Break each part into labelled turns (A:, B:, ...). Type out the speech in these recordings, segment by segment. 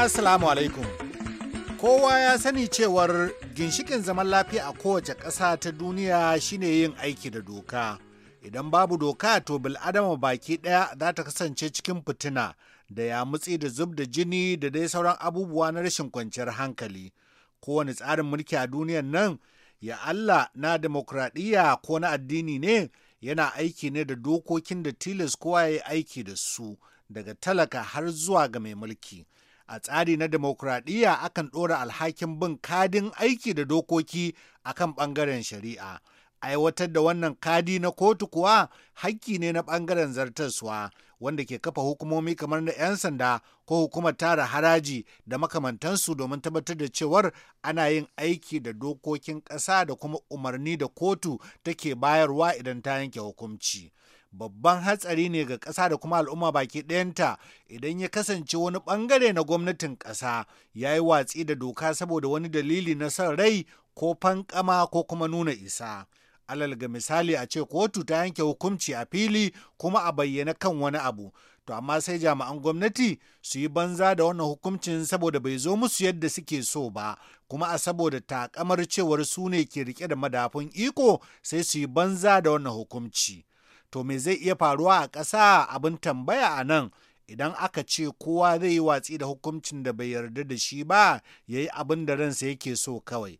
A: Assalamu alaikum. Kowa ya sani cewar ginshikin zaman lafiya a kowace ƙasa ta duniya shine yin aiki da doka. Idan babu doka to bil'adama baki ɗaya za ta kasance cikin fitina da ya mutsi da zub da jini da dai sauran abubuwa na rashin kwanciyar hankali. Kowane tsarin mulki a duniyan nan ya Allah na demokradiyya ko na addini ne yana aiki ne da dokokin da tilas kowa ya yi aiki da su daga talaka har zuwa ga mai mulki a tsari na demokuraɗiyya akan ɗora alhakin bin kadin aiki da dokoki a kan ɓangaren shari'a aiwatar da wannan kadi na kotu kuwa hakki ne na ɓangaren zartaswa wanda ke kafa hukumomi kamar na 'yan sanda ko hukumar tara haraji da makamantansu domin tabbatar da cewar ana yin aiki da dokokin ƙasa da kuma umarni da kotu take bayarwa idan ta yanke hukunci. babban hatsari ne ga ƙasa da kuma al'umma baki ɗayanta idan ya kasance wani ɓangare na gwamnatin ƙasa ya yi watsi da doka saboda wani dalili na son rai ko fankama ko kuma nuna isa. Alal ga misali a ce kotu ta yanke hukunci a fili kuma a bayyana kan wani abu. To amma sai jami'an gwamnati su yi banza da wannan hukuncin saboda bai zo musu yadda suke so ba, kuma a saboda takamar cewar su ne ke rike da madafun iko sai su yi banza da wannan hukunci. to me zai iya faruwa a ƙasa abin tambaya a nan idan aka ce kowa zai yi watsi da hukuncin da bai yarda da shi ba ya yi abin da ransa yake so kawai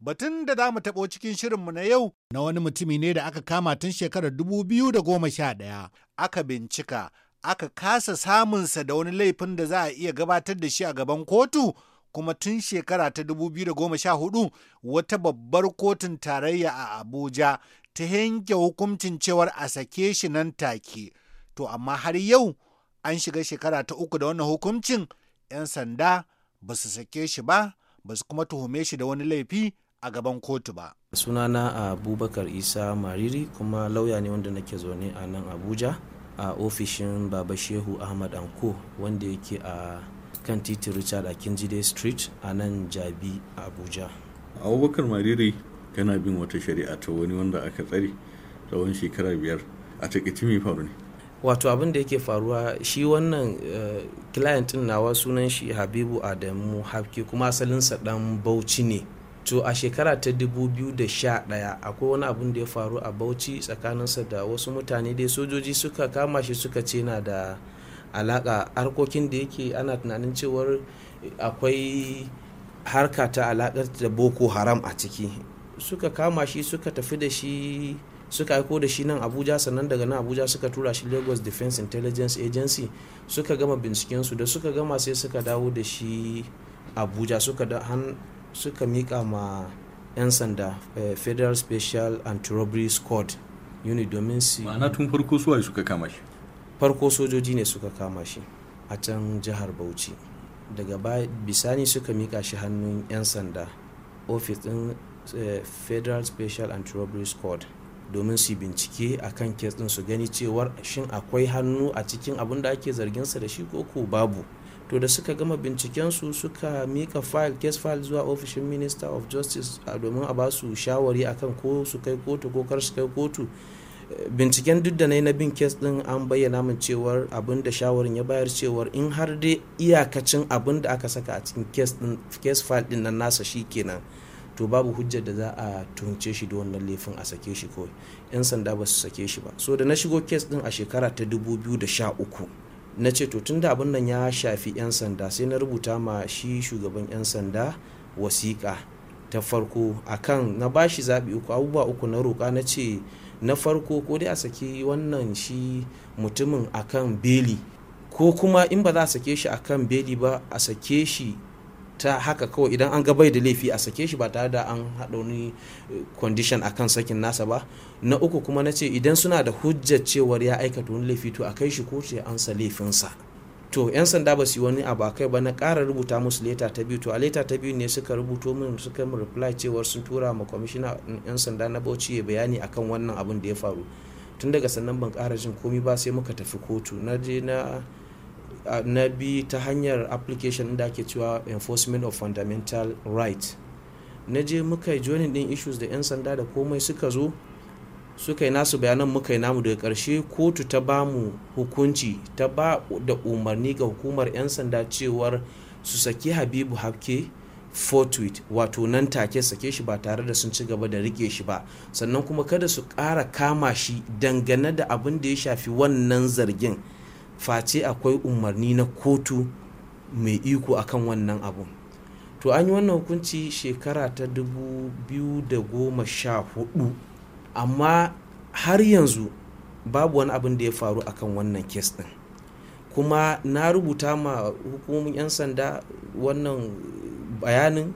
A: batun da za mu taɓo cikin shirinmu na yau na wani mutumi ne da aka kama tun shekarar 2011 aka bincika aka kasa samunsa da wani laifin da za a iya gabatar da shi a gaban kotu kuma tun shekara ta 2014 wata babbar kotun tarayya a Abuja ta yanke hukuncin cewar a sake shi nan take to amma har yau an shiga shekara ta uku da wannan hukuncin 'yan sanda ba su sake shi ba ba su kuma tuhume shi da wani laifi a gaban kotu ba.
B: sunana abubakar isa mariri kuma lauya ne wanda nake zaune a nan abuja a ofishin baba shehu ahmad anko wanda yake a kan titin richard akinjide street a nan jabi abuja
C: abubakar mariri yana bin wata shari'a ta wani wanda aka tsare tsawon shekara biyar a takaici mai faru ne
B: wato abin da yake faruwa shi wannan eh, client din nawa sunan shi habibu adamu hafke kuma asalinsa dan bauchi ne to a shekara ta 2011 akwai wani abin da ya faru a bauchi tsakaninsa da wasu mutane dai sojoji suka kama shi suka ce na da alaka harkokin da yake ana tunanin cewar akwai harka ta alakar da boko haram a ciki suka kama shi suka tafi da shi suka aiko da shi nan abuja sannan daga nan abuja suka tura shi lagos defense intelligence agency suka gama bincikensu da suka gama sai suka dawo da shi abuja suka da han suka mika ma 'yan sanda eh, federal special anti-robbery squad unit domin su ma'ana tun farko suwaye suka kama shi farko sojoji ne suka kama shi a can jihar bauchi daga bisani suka mika shi hannun 'yan sanda ofis din Eh, federal special anti-robbery squad domin su bincike a kan kes ɗin su gani cewar shin akwai hannu a cikin abin da ake sa da shi ko ko babu to da suka gama bincikensu suka mika file case file zuwa ofishin minister of justice domin a ba su shawari akan ko su kai kotu ko kar su kai kotu eh, binciken duk da na na bin kes din an bayyana min cewar abin da shawarin ya bayar cewar in har dai iyakacin abin da aka saka a cikin case file din nan nasa shi kenan to babu hujjar da za a tunce shi da wannan laifin a sake shi kawai yan sanda ba su sake shi ba so da na shigo kes din a shekara ta 2013 na ce to tun da abin nan ya shafi yan sanda sai na rubuta ma shi shugaban yan sanda wasiƙa ta farko akan na ba shi zaɓi uku abubuwa uku na roƙa na ce na farko ko dai a sake wannan shi mutumin akan beli ko kuma in ba za a sake shi akan beli ba a sake shi ta haka kawai idan an gabai da laifi a sake shi ba tare da an haɗa wani eh, condition a kan sakin nasa ba na uku kuma na ce idan suna da hujjar cewar ya aikata wani laifi to a kai shi ko ce ansa laifinsa to 'yan sanda ba su yi wani abu a kai ba na ƙara rubuta musu leta ta biyu to a leta ta biyu ne suka rubuto min suka min reply cewar sun tura ma kwamishina mm, 'yan sanda na bauchi ya bayani akan wannan abin da ya faru tun daga sannan ban ƙara jin komi ba sai muka tafi kotu na je na na bi ta hanyar application da ake cewa enforcement of fundamental right na je muka yi joining din issues da 'yan sanda da komai suka zo suka yi nasu bayanan muka yi namu daga karshe kotu ta ba mu hukunci ta ba da umarni ga hukumar 'yan sanda cewar su saki habibu hake fortuit wato nan take sake shi ba tare da sun ci gaba da rike shi ba sannan kuma kada su ƙara kama shi dangane da abin da ya shafi wannan zargin face akwai umarni na kotu mai iko akan wannan abun to an yi wannan hukunci shekara ta 2014 amma har yanzu babu wani abin da ya faru akan wannan kes din kuma na rubuta ma hukumomin 'yan sanda wannan bayanin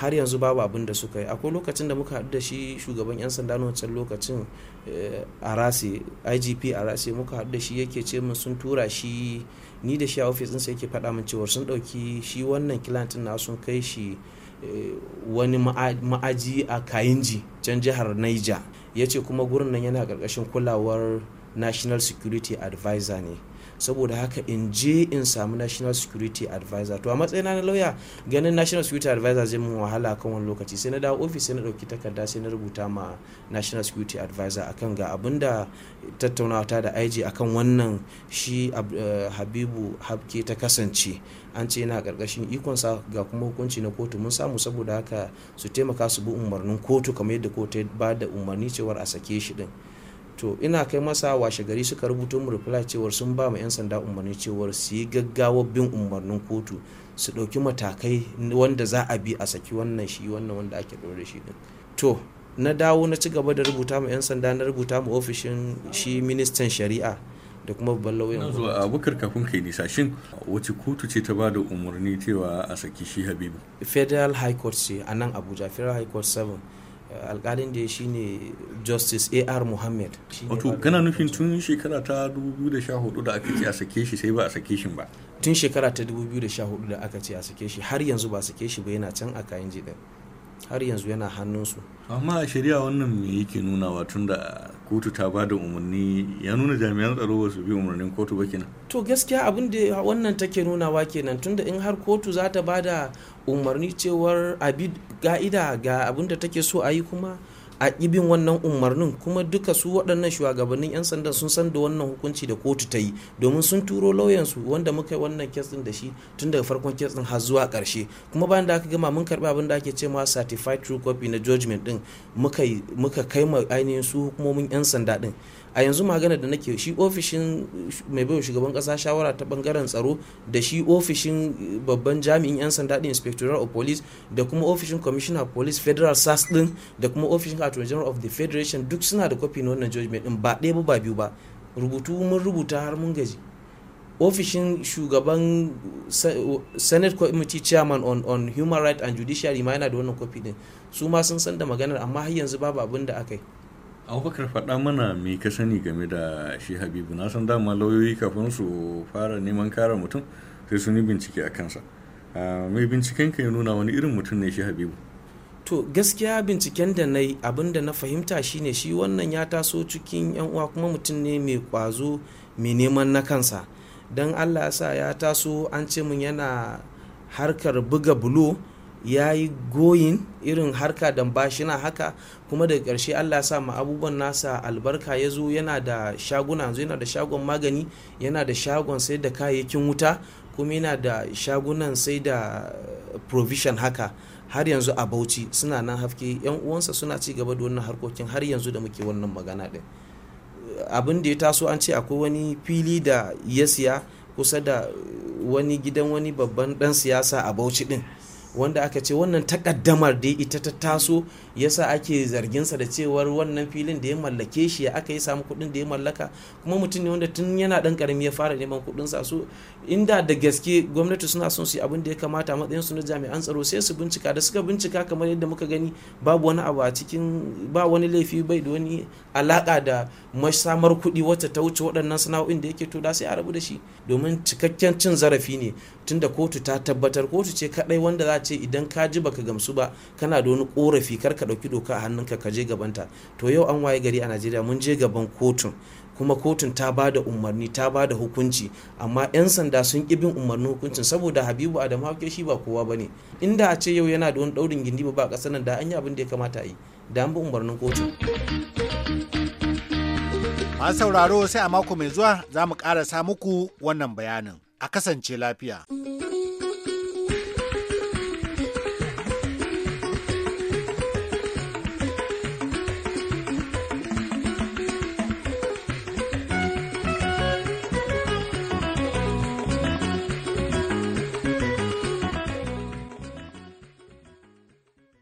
B: har yanzu babu abin da suka yi akwai lokacin da muka haɗu da shi shugaban 'yan sanda na wancan lokacin eh, a rasi igp a rasi muka haɗu da shi yake ce mun sun tura shi ni da shi a ofis ɗinsa yake faɗa min cewar sun ɗauki shi wannan kilantin na sun kai shi eh, wani ma'aji a kayinji can jihar niger ya ce kuma gurin nan yana ƙarƙashin kulawar national security advisor ne saboda haka in je in samu national security advisor to a matsayina na lauya ganin national security advisor zai mun wahala a kan wani lokaci sai na dawo ofis sai na dauki takarda sai na rubuta ma national security advisor akan ga abun da tattaunawa ta da IG akan wannan shi eh, Habibu Habke ta kasance an ce yana karkashin ikonsa ga kuma hukunci na kotu mun samu saboda haka su taimaka su bi umarnin kotu kamar yadda kotu ba da umarni cewar a sake shi din to ina kai masa washe gari suka rubuto mu reply cewar sun ba mu yan sanda umarni cewar su yi gaggawa bin umarnin kotu su ɗauki matakai wanda za a bi a saki wannan shi wannan wanda ake ɗaure shi din to na dawo na ci gaba da rubuta mu yan sanda na rubuta mu ofishin shi ministan shari'a da kuma babban lauyan
C: abubakar kafin kai nisa shin wace kotu ce ta bada umarni cewa a saki shi habibu
B: federal high court ce a nan abuja federal high court 7 alkalin da shi ne justice ar muhammad wato gana
C: nufin tun shekara ta 2014 da aka ce a sake shi sai ba a sake shi ba tun
B: shekara ta 2014 da aka ce a sake shi har yanzu ba a sake shi ba yana can a kayan jidar har yanzu yana hannunsu amma
C: a shari'a wannan me yake nunawa tun da kotu ta ba da umarni ya nuna jami'an tsaro ba su bi umarnin kotu ba kenan
B: to gaskiya abin da wannan take nunawa kenan tunda in har kotu za ta ba da umarni cewar abi ga'ida ga abin da take so a yi kuma a ibin wannan umarnin kuma duka su waɗannan shugabannin 'yan sandan sun san da wannan hukunci da kotu ta yi domin sun turo lauyansu wanda muka yi wannan kes ɗin da shi tun daga farkon kes har zuwa ƙarshe kuma bayan da aka gama mun karɓi abin da ake cewa certified true copy na judgment din muka kai ma ainihin su hukumomin 'yan sanda din a yanzu magana da nake shi ofishin mai baiwa shugaban kasa shawara ta bangaren tsaro da shi ofishin babban jami'in yan sanda din inspectoral of police da kuma ofishin commissioner of police federal sas din da kuma ofishin attorney general of the federation duk suna da kwafi na wannan judgment din ba ɗaya ba ba biyu ba rubutu mun rubuta har mun gaji ofishin shugaban senate committee chairman on, on human rights and judiciary ma yana da wannan kwafi din su ma sun san da maganar amma har yanzu babu abin da aka yi
C: abubakar faɗa mana me ka sani game da shi habibu na san dama lauyoyi kafin su fara neman kare mutum sai sun yi bincike a kansa ah, mai binciken ka ya nuna wani irin mutum ne shi habibu
B: to gaskiya binciken da na yi abin da na fahimta shine shi wannan ya taso cikin yan uwa kuma mutum ne mai kwazo mai neman na kansa don allah ya sa ya taso an ce min yana harkar buga bulo ya yi goyin irin harka da bashina haka kuma daga karshe allah sa ma abubuwan nasa albarka ya zo yana da shaguna yanzu yana da shagon magani yana da shagon sai da kayayyakin wuta kuma yana da shagunan sai da provision haka har yanzu a bauchi suna nan hafke yan uwansa suna ci gaba da wannan harkokin har yanzu da muke wannan magana din abin da ya taso an ce akwai wani fili da ya siya kusa da wani gidan wani babban dan siyasa a bauchi din wanda aka ce wannan takaddamar da ita ta taso yasa ake zarginsa da cewar wannan filin da ya mallake shi ya aka yi samu kuɗin da ya mallaka kuma mutum ne wanda tun yana dan karami ya fara neman kuɗin sa su inda da gaske gwamnati suna son su yi abin da ya kamata matsayin su na jami'an tsaro sai su bincika da suka bincika kamar yadda muka gani babu wani abu a cikin ba wani laifi bai da wani alaka da masamar kuɗi wacce ta wuce waɗannan sana'o'in da yake to da sai a rabu da shi domin cikakken cin zarafi ne tunda kotu ta tabbatar kotu ce kadai wanda za ce idan ka ji baka gamsu ba kana da wani korafi kar ka dauki doka a hannunka ka je gabanta to yau an waye gari a Najeriya mun je gaban kotun kuma kotun ta ba da umarni ta ba da hukunci amma 'yan sanda sun ƙi bin umarnin hukuncin saboda habibu adamu hauke shi ba kowa ba ne inda a ce yau yana da wani ɗaurin gindi ba ƙasar nan da an yi abin da ya kamata a yi da an bi umarnin kotun
A: masu sauraro sai a mako mai zuwa za mu ƙarasa muku wannan bayanin a kasance lafiya.